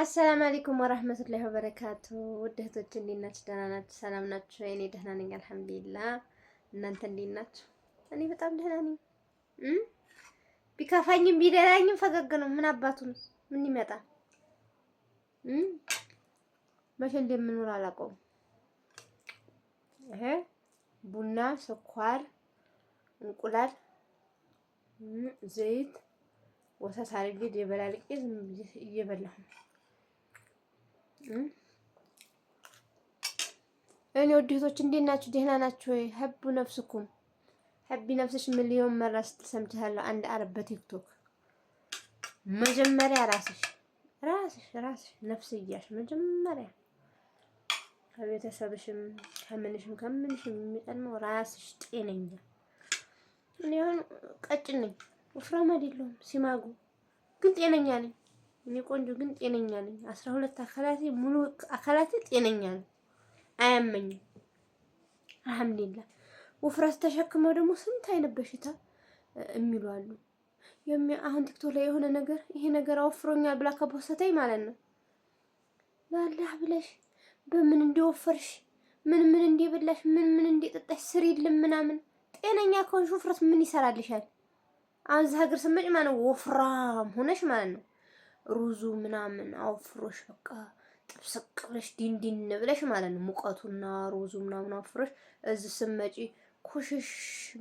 አሰላም አለይኩም ወራህመቱላሂ ወበረካቱ። ውድ እህቶች እንዴት ናችሁ? ደህና ናችሁ? ሰላም ናችሁ? እኔ ደህና ነኝ አልሐምዱሊላህ። እናንተ እንዴት ናችሁ? እኔ በጣም ደህና ነኝ። ቢከፋኝም ቢደላኝም ፈገግ ነው። ምን አባቱ ነው? ምን ይመጣል? መቼ እንደምኖር አላውቀውም። ይሄ ቡና፣ ስኳር፣ እንቁላል፣ ዘይት፣ ወተት አድርጌ ደበላልቄ እየበላሁ ነው እኔ ውድ እህቶች እንዴት ናችሁ? ደህና ናችሁ ወይ? ሀቡ ነፍስኩም ሀቢ ነፍስሽ ሚሊዮን መራ ስትል ሰምቻለሁ። አንድ አረብ በቲክቶክ መጀመሪያ ራስሽ ራስሽ ራስሽ እያሽ መጀመሪያ ከቤተሰብሽም ከምንሽም ከምንሽም የሚቀድመው ራስሽ ጤነኛ። እኔ አሁን ቀጭን ነኝ፣ ወፍራም አይደለሁም፣ ሲማጉ ግን ጤነኛ ነኝ። እኔ ቆንጆ ግን ጤነኛ ነኝ። አስራ ሁለት አካላቴ ሙሉ አካላቴ ጤነኛ ነው፣ አያመኝም። አልሐምዱሊላ። ውፍረት ተሸክመው ደግሞ ስንት አይነት በሽታ የሚሉ አሉ። አሁን ቲክቶክ ላይ የሆነ ነገር ይሄ ነገር አወፍሮኛል ብላ ከፖሰተኝ ማለት ነው ላላህ ብለሽ በምን እንደወፈርሽ ምን ምን እንደበላሽ ምን ምን እንደጠጣሽ ስሪልን ምናምን። ጤነኛ ከሆንሽ ውፍረት ምን ይሰራልሻል? አሁን እዚህ ሀገር ስመጭ ማለት ነው ወፍራም ሆነሽ ማለት ነው ሩዙ ምናምን አወፍሮሽ በቃ ጥብስቅ ብለሽ ዲንዲን ብለሽ ማለት ነው። ሙቀቱና ሩዙ ምናምን አወፍሮሽ እዚህ ስመጪ ኩሽሽ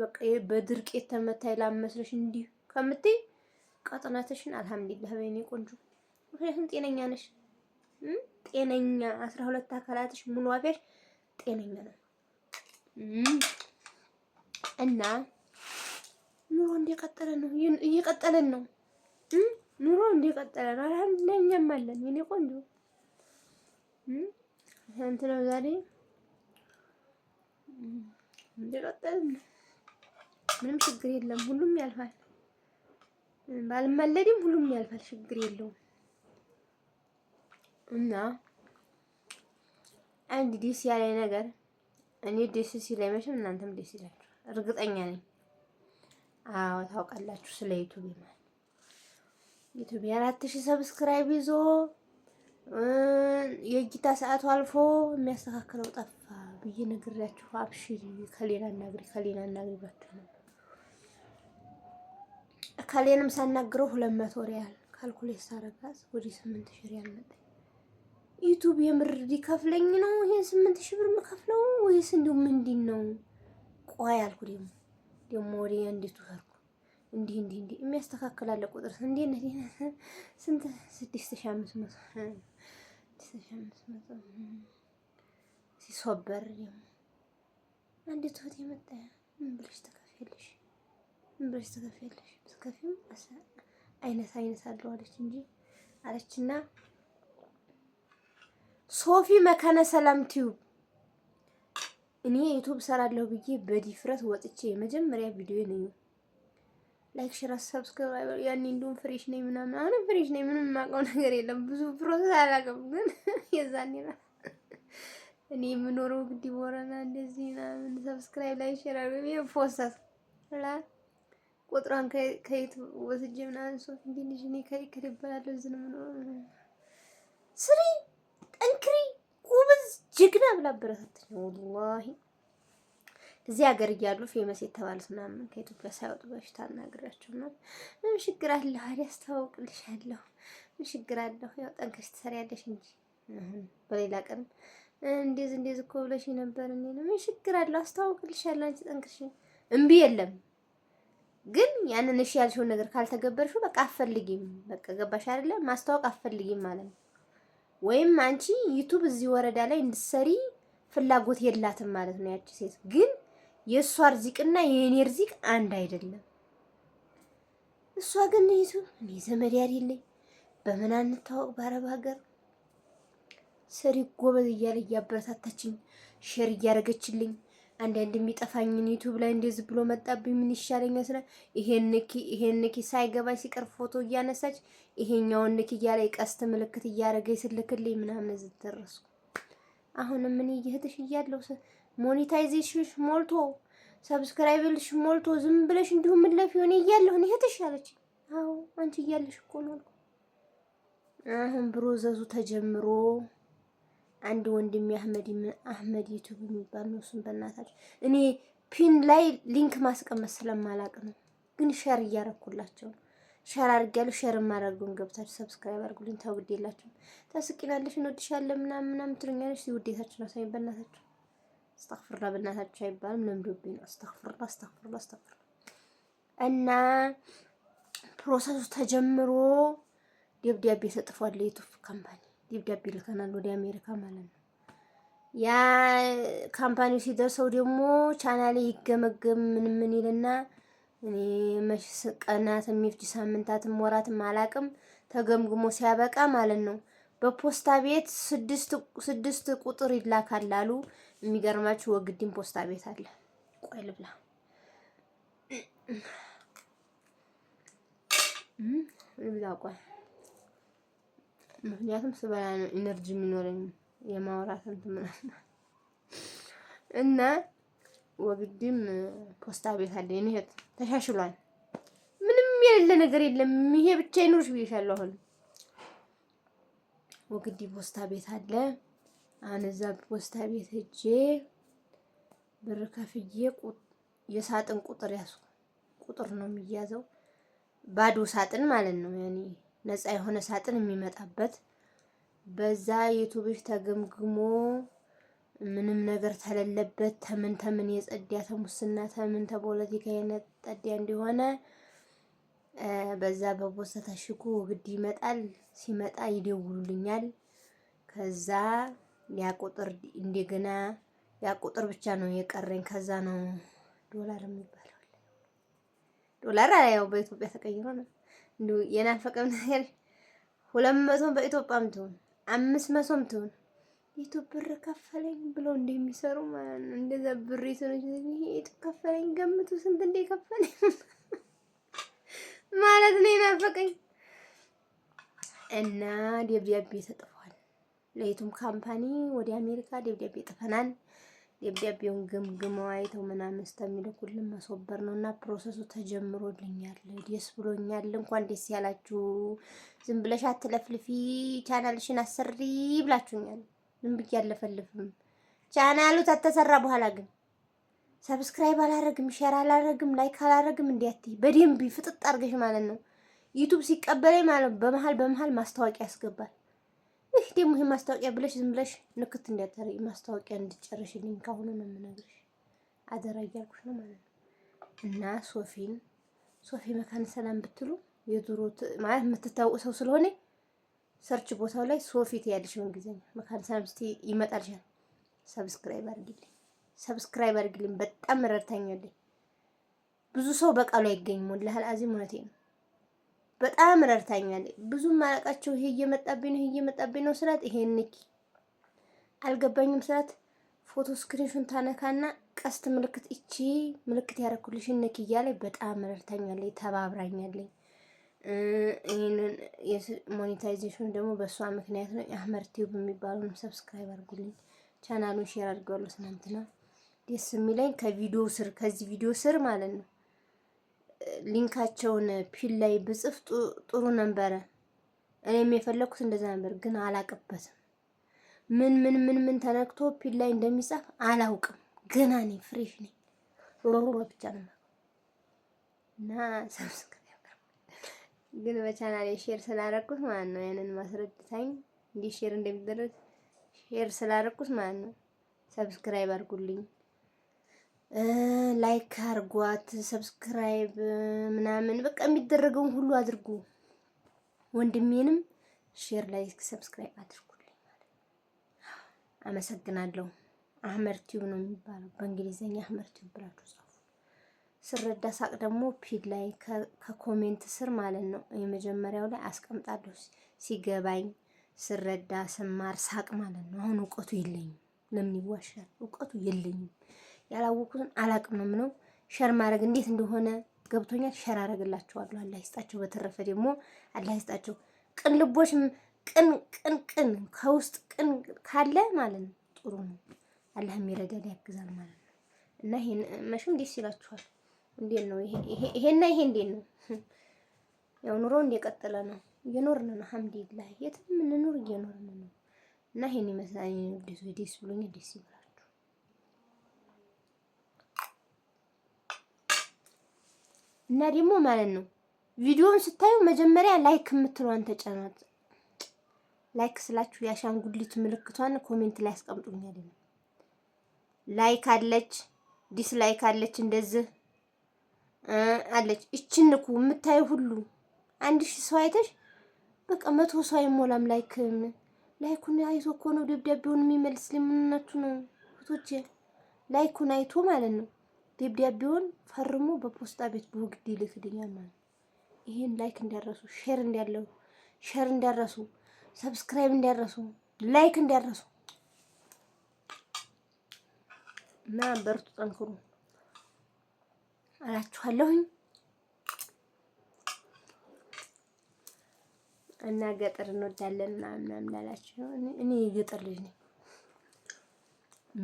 በቃ በድርቅ የተመታ ላመስለሽ እንዲህ ከምትይ ቀጥነትሽን አልሐምዱሊላህ በኔ ቆንጆ። ምክንያቱም ጤነኛ ነሽ፣ ጤነኛ አስራ ሁለት አካላትሽ ሙሉ አፌሽ ጤነኛ ነው እና ኑሮ እንደቀጠለን ነው እየቀጠለን ነው። ኑሮ እንደቀጠለ ነው። አልሐምዱሊላህ እኛም አለን። የኔ ቆንጆ ስንት ነው ዛሬ? እንደቀጠለ ምንም ችግር የለም። ሁሉም ያልፋል። ባልመለድም ሁሉም ያልፋል። ችግር የለውም እና አንድ ደስ ያለ ነገር እኔ ደስ ሲለኝ መቼም እናንተም ደስ ይላችሁ እርግጠኛ ነኝ። አዎ ታውቃላችሁ ስለ ዩቱብ ማለት ዩቱብ የአራት ሺህ ሰብስክራይብ ይዞ የእይታ ሰዓቱ አልፎ የሚያስተካክለው ጠፋ ብዬ ነግሬያችሁ፣ አብሽሪ ከሌላ አናግሪ ከሌላ አናግሪ ባችሁ ነው። ከሌንም ሳናግረው ሁለት መቶ ሪያል ካልኩሌት ሳረጋዝ ወደ ስምንት ሪያል መጣ። ዩቱብ የምር ሊከፍለኝ ነው ይሄን ስምንት ብር የምከፍለው ወይስ እንዲሁ ምንድን ነው? ቆይ አልኩ። ደግሞ ደግሞ ወደ እንዴቱ ሰርኩ እንዲህ እንዲህ እንዲህ የሚያስተካክል አለ ቁጥር እንዲህ እንዲህ ስንት ስድስት ሺህ አምስት መቶ ስድስት ሺህ አምስት መቶ ሲሶበር ደግሞ የመጣ ምን ብለሽ ምን ብለሽ ብትከፊም አይነት አይነት አለው አለች እንጂ አለችና ሶፊ መከነ ሰላም ቲዩብ እኔ ዩቱብ ሰራለሁ ብዬ በዲፍረት ወጥቼ የመጀመሪያ ቪዲዮ ነው። ላይክ ሽራ ሰብስክራይብ ያኔ እንዲሁም ፍሬሽ ነኝ ምናምን። አሁን ፍሬሽ ነኝ ምንም የማውቀው ነገር የለም ብዙ ፕሮሰስ አላውቅም፣ ግን የዛኔ ነው እኔ የምኖረው ግዲ ቦረና እንደዚህ ምናምን። ሰብስክራይብ ላይክ ሽራ ፖስተስ ላ ቁጥሯን ከየት ወስጄ ምናምን ሶፍ እንዲልሽ እኔ ከይክል ይባላለሁ ዝን ምኖረ ስሪ ጠንክሪ፣ ጎበዝ ጀግና ብላ አበረታተች ወላሂ እዚህ ሀገር እያሉ ፌመስ የተባሉት ምናምን ከኢትዮጵያ ሳይወጡ በፊት አናግራቸው ነው። ምን ችግር አለሁ? አዲያ አስተዋውቅልሻለሁ። ምን ችግር አለሁ? ያው ጠንክረሽ ትሰሪያለሽ እንጂ በሌላ ቀን እንዴዝ እንዴዝ እኮ ብለሽ ነበር። እኔ ምን ችግር አለሁ? አስተዋውቅልሻለሁ። አንቺ ጠንክረሽ እምቢ የለም ግን ያንን እሺ ያልሽውን ነገር ካልተገበርሽው በቃ አፈልጊም። በቃ ገባሽ አይደለ? ማስተዋወቅ አፈልጊም ማለት ነው። ወይም አንቺ ዩቱብ እዚህ ወረዳ ላይ እንድትሰሪ ፍላጎት የላትም ማለት ነው። ያቺ ሴት ግን የእሷ እርዚቅና የእኔ እርዚቅ አንድ አይደለም። እሷ ግን ይዙ እኔ ዘመድ ያሌለኝ በምን አንታወቅ በአረብ ሀገር ሰሪ ጎበዝ እያለ እያበረታታችኝ ሼር እያደረገችልኝ አንዳንድ የሚጠፋኝን ዩቱብ ላይ እንደዚህ ብሎ መጣብኝ፣ ምን ይሻለኛል ስለ ይሄን ንኪ ሳይገባኝ ሲቀር ፎቶ እያነሳች ይሄኛውን ንኪ እያለ ቀስት ምልክት እያደረገ ስልክልኝ ምናምን ዝደረስኩ። አሁንም እኔ እየህትሽ እያለሁ ሞኔታይዜሽንሽ ሞልቶ ሰብስክራይብልሽ ሞልቶ ዝም ብለሽ እንዲሁም ምለፍ ሆነ እያለሁ ነው እህትሽ አለች። አዎ አንቺ እያለሽ እኮ ነው። አሁን ብሮ ዘዙ ተጀምሮ አንድ ወንድም አህመድ አህመድ ዩቱብ የሚባል ነው። እሱም በእናታችሁ እኔ ፒን ላይ ሊንክ ማስቀመጥ ስለማላቅ ነው፣ ግን ሸር እያረኩላቸው ነው። ሸር አድርጊያለሁ። ሸር ማድረጉን ገብታችሁ ሰብስክራይብ አድርጉልኝ። ተውግዴላችሁ ታስቂናለሽ፣ እንወድሻለን ምናምን ምናምን ትሉኛለሽ። ውዴታችሁ ነው ሳይበናታችሁ አስተግፍርላ በእናታችሁ አይባልም። ለምዶብኝ ነው። አስተግፍርላ አስተግፍርላ አስተግፍርላ እና ፕሮሰሱ ተጀምሮ ደብዳቤ ተጥፏል። የዩቱብ ካምፓኒ ደብዳቤ ልከናል ወደ አሜሪካ ማለት ነው። ያ ካምፓኒው ሲደርሰው ደግሞ ቻናሌ ይገመገም ምን ምን ይልና እኔ መቼስ ቀናትም ሳምንታትም ወራትም አላቅም ተገምግሞ ሲያበቃ ማለት ነው በፖስታ ቤት ስድስት ቁጥር ይላካል አሉ። የሚገርማችሁ ወግዲም ፖስታ ቤት አለ። ቆይ ልብላ። ልብላ ቆይ፣ ምክንያቱም ስበላ ነው ኢነርጂ የሚኖረኝ የማውራት እንትን ምናምን እና ወግዲም ፖስታ ቤት አለ። እኔ ተሻሽሏል። ምንም የሌለ ነገር የለም። ይሄ ብቻ ይኖርሽ ብዬሻለሁ አሁን ወግዲ ፖስታ ቤት አለ። አንዛ ፖስታ ቤት ሄጄ ብር ከፍዬ የሳጥን ቁጥር ያስ ቁጥር ነው የሚያዘው፣ ባዶ ሳጥን ማለት ነው። ያኔ ነፃ የሆነ ሳጥን የሚመጣበት በዛ ዩቱብሽ ተገምግሞ ምንም ነገር ተለለበት ተምን ተምን የጸዳ ተሙስና ተምን ተፖለቲካ የነጠዳ እንዲሆነ በዛ በቦርሳ ታሽጎ ግድ ይመጣል። ሲመጣ ይደውሉልኛል። ከዛ ያ ቁጥር እንደገና ያ ቁጥር ብቻ ነው የቀረኝ። ከዛ ነው ዶላር የሚባለው ዶላር ያው በኢትዮጵያ ተቀይሮ ነው እንዴ የናፈቀም ነገር ሁለት መቶ በኢትዮጵያም ትሆን አምስት መቶም ትሆን የቱ ብር ከፈለኝ ብሎ እንደሚሰሩ ማለት ነው። እንደዛ ብር ይሰሩ ይሄ የቱ ከፈለኝ ገምቱ ስንት እንደከፈለኝ ማለት ነው የናፈቀኝ እና ደብዳቤ ተጥፏል። ለየቱም ካምፓኒ ወደ አሜሪካ ደብዳቤ ጥፈናል። ደብዳቤውን ግምግመው አይተው ምናምን ስተሚልኩልን ማስወበር ነው እና ፕሮሰሱ ተጀምሮልኛል። ደስ ብሎኛል። እንኳን ደስ ያላችሁ። ዝም ብለሽ አትለፍልፊ፣ ቻናልሽን አሰሪ ብላችሁኛል። ዝም ብዬ አለፈልፍም። ቻናሉ ተተሰራ በኋላ ግን ሰብስክራይብ አላረግም፣ ሼር አላረግም፣ ላይክ አላረግም እንዲያት በደንብ ፍጥጥ አርገሽ ማለት ነው። ዩቱብ ሲቀበለኝ ማለት ነው በመሀል በመሀል ማስታወቂያ ያስገባል። ይህ ደግሞ ይህ ማስታወቂያ ብለሽ ዝም ብለሽ ንክት እንዲያጠሪ ማስታወቂያ እንድጨረሽልኝ ካሁኑ ነው የምነግርሽ። አደራ እያልኩሽ ነው ማለት ነው። እና ሶፊን ሶፊ መካነ ሰላም ብትሉ የድሮ ማለት የምትታወቅ ሰው ስለሆነ ሰርች ቦታው ላይ ሶፊ ትያለሽ። ምን ጊዜ መካነ ሰላም ስትይ ይመጣልሻል። ሰብስክራይብ አድርጊልኝ። ሰብስክራይብ አድርግልኝ። በጣም ረድታኛለኝ። ብዙ ሰው በቃሉ አይገኝም። ወላሂ አዚም እውነቴ ነው። በጣም ረድታኛለኝ። ብዙ ማለቃቸው ይሄ እየመጣብኝ ነው፣ ይሄ እየመጣብኝ ነው ስላት ይሄን ንኪ አልገባኝም ስላት ፎቶ ስክሪንሹን ታነካና ቀስት ምልክት እቺ ምልክት ያደረኩልሽ ንኪ እያለ በጣም ረድታኛለኝ፣ ተባብራኛለኝ። ይህንን ሞኔታይዜሽን ደግሞ በእሷ ምክንያት ነው። የአህመድ ቲዩብ የሚባለውን ሰብስክራይብ አድርጉልኝ። ቻናሉን ሼር አድርገዋለሁ ትናንትና ደስ የሚለኝ ከቪዲዮ ስር ከዚህ ቪዲዮ ስር ማለት ነው ሊንካቸውን ፒል ላይ ብጽፍ ጥሩ ነበረ። እኔም የፈለኩት እንደዛ ነበር፣ ግን አላቅበትም። ምን ምን ምን ምን ተነክቶ ፒል ላይ እንደሚጻፍ አላውቅም። ገና ነኝ፣ ፍሬሽ ነኝ። ሮሮ ብቻ ነው እና ሰብስክራይብ ግን በቻናሌ ሼር ስላረኩት ማለት ነው ያንን ማስረድታኝ እንዲህ ሼር እንደሚደረግ ሼር ስላረኩት ማለት ነው። ሰብስክራይብ አድርጉልኝ። ላይክ አርጓት፣ ሰብስክራይብ ምናምን በቃ የሚደረገውን ሁሉ አድርጉ። ወንድሜንም ሼር፣ ላይክ፣ ሰብስክራይብ አድርጉልኝ ማለት አመሰግናለሁ። አህመድ ቲዩብ ነው የሚባለው በእንግሊዝኛ አህመድ ቲዩብ ብላችሁ ጻፉ። ስረዳ ሳቅ ደግሞ ፊድ ላይ ከኮሜንት ስር ማለት ነው የመጀመሪያው ላይ አስቀምጣለሁ። ሲገባኝ ስረዳ ስማር ሳቅ ማለት ነው። አሁን እውቀቱ የለኝም። ለምን ይዋሻል? እውቀቱ የለኝም። ያላወቁትን አላቅም ነው ምነው። ሸር ማድረግ እንዴት እንደሆነ ገብቶኛል። ሸር አደረግላቸዋለሁ። አላህ ይስጣቸው። በተረፈ ደግሞ አላህ ይስጣቸው። ቅን ልቦች፣ ቅን ቅን ቅን ከውስጥ ቅን ካለ ማለት ነው ጥሩ ነው። አላህም ይረዳል ያግዛል ማለት ነው። እና ይሄን መቼም እንዴት ይላችኋል? እንዴት ነው ይሄና ይሄ እንዴት ነው? ያው ኑሮ እንደቀጠለ ነው። እየኖርን ነው። አልሐምዱሊላህ የትም እንኑር እየኖርን ነው። እና ይሄን ይመስላል። ደስ ብሎኛል። ደስ ይላል። እና ደግሞ ማለት ነው ቪዲዮውን ስታዩ መጀመሪያ ላይክ የምትለዋን ተጫኗት። ላይክ ስላችሁ የአሻንጉሊት ምልክቷን ኮሜንት ላይ አስቀምጡኛል። ላይክ አለች፣ ዲስላይክ አለች፣ እንደዚህ አለች። እችን የምታዩ ሁሉ አንድ ሺህ ሰው አይተሽ በቃ መቶ ሰው አይሞላም። ላይክ ላይኩን አይቶ እኮ ነው ደብዳቤውን የሚመልስ። ልምናችሁ ነው ቶቼ ላይኩን አይቶ ማለት ነው ደብዳቤውን ፈርሞ በፖስታ ቤት በወግድ ይልክልኛል ማለት ነው። ይሄን ላይክ እንዳረሱ ሼር እንዳለው ሼር እንዳረሱ ሰብስክራይብ እንዳረሱ ላይክ እንዳረሱ እና በርቱ፣ ጠንክሩ አላችኋለሁኝ። እና ገጠር እንወዳለን ምናምን ምናምን ላላችሁ እኔ የገጠር ልጅ ነኝ።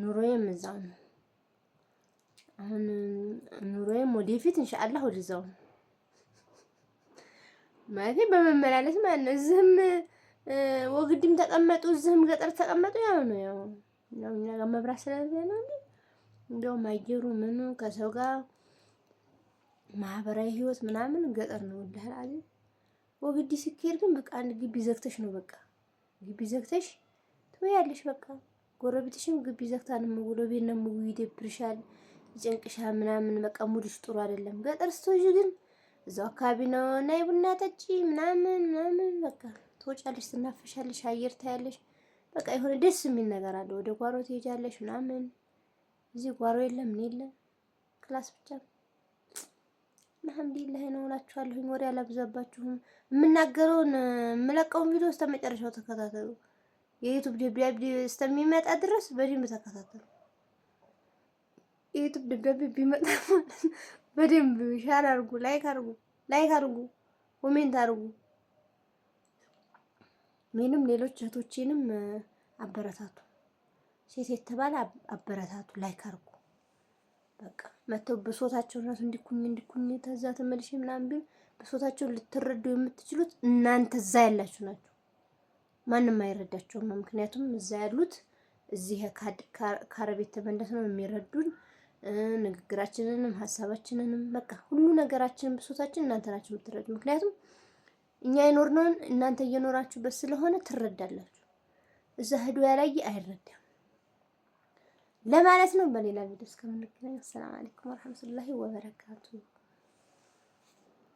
ኑሮዬም እዛው ነው። አሁን ኑሮዬም ወደፊት እንሻአላህ ወደዛው ማለት በመመላለስ ማለት ነው። እዚህም ወግድም ተቀመጡ፣ እዚህም ገጠር ተቀመጡ። ያው ነው ያው ነው እኛ ጋር መብራት ስለሌለ ነው እንጂ እንደውም አየሩ ምኑ ከሰው ጋር ማህበራዊ ህይወት ምናምን ገጠር ነው ወዳል አለ ወግዲ ግን በቃ አንድ ግቢ ዘግተሽ ነው በቃ ግቢ ዘግተሽ ትወያለሽ። በቃ ጎረቤትሽም ግቢ ዘግታ ነው የምውለው ቤት ነው የምውለው ይደብርሻል። ጭንቅሻ ምናምን በቃ ሙድሽ ጥሩ አይደለም። ገጠር ስትሆጂ ግን እዛው አካባቢ ነው ናይ ቡና ጠጪ ምናምን ምናምን በቃ ትወጫለሽ፣ ትናፈሻለሽ፣ አየር ታያለሽ። በቃ የሆነ ደስ የሚል ነገር አለ። ወደ ጓሮ ትሄጃለሽ ምናምን። እዚህ ጓሮ የለም ምን የለም ክላስ ብቻ አልሐምዱሊላህ ነው እላችኋለሁኝ። ወሬ አላብዛባችሁም። የምናገረውን የምለቀውን ቪዲዮ እስከ መጨረሻው ተከታተሉ። የዩቱብ ደብዳቤ እስከሚመጣ ድረስ በደንብ ተከታተሉ። የዩቱብ ደብዳቤ ቢመጣ ማለት በደንብ ሻር አርጉ፣ ላይክ አርጉ፣ ላይክ አርጉ፣ ኮሜንት አርጉ። ምንም ሌሎች እህቶቼንም አበረታቱ። ሴት የተባለ አበረታቱ፣ ላይክ አርጉ። በቃ መተው ብሶታቸውን ራሱ እንዲኩኝ እንዲኩኝ ተዛ ተመልሼ ምናምን ቢሆን ብሶታቸውን ልትረዱ የምትችሉት እናንተ እዛ ያላችሁ ናቸው። ማንም አይረዳቸውም። ምክንያቱም እዛ ያሉት እዚህ ከአረብ ቤት ነው የሚረዱን ንግግራችንንም ሀሳባችንንም በቃ ሁሉ ነገራችንን ብሶታችን እናንተ ናችሁ የምትረዱ። ምክንያቱም እኛ የኖርነውን እናንተ እየኖራችሁበት ስለሆነ ትረዳላችሁ። እዛ ሂዶ ያላየ አይረዳም ለማለት ነው። በሌላ ቪዲዮ እስከምንገናኝ አሰላም አለይኩም ወረሕመቱላሂ ወበረካቱ።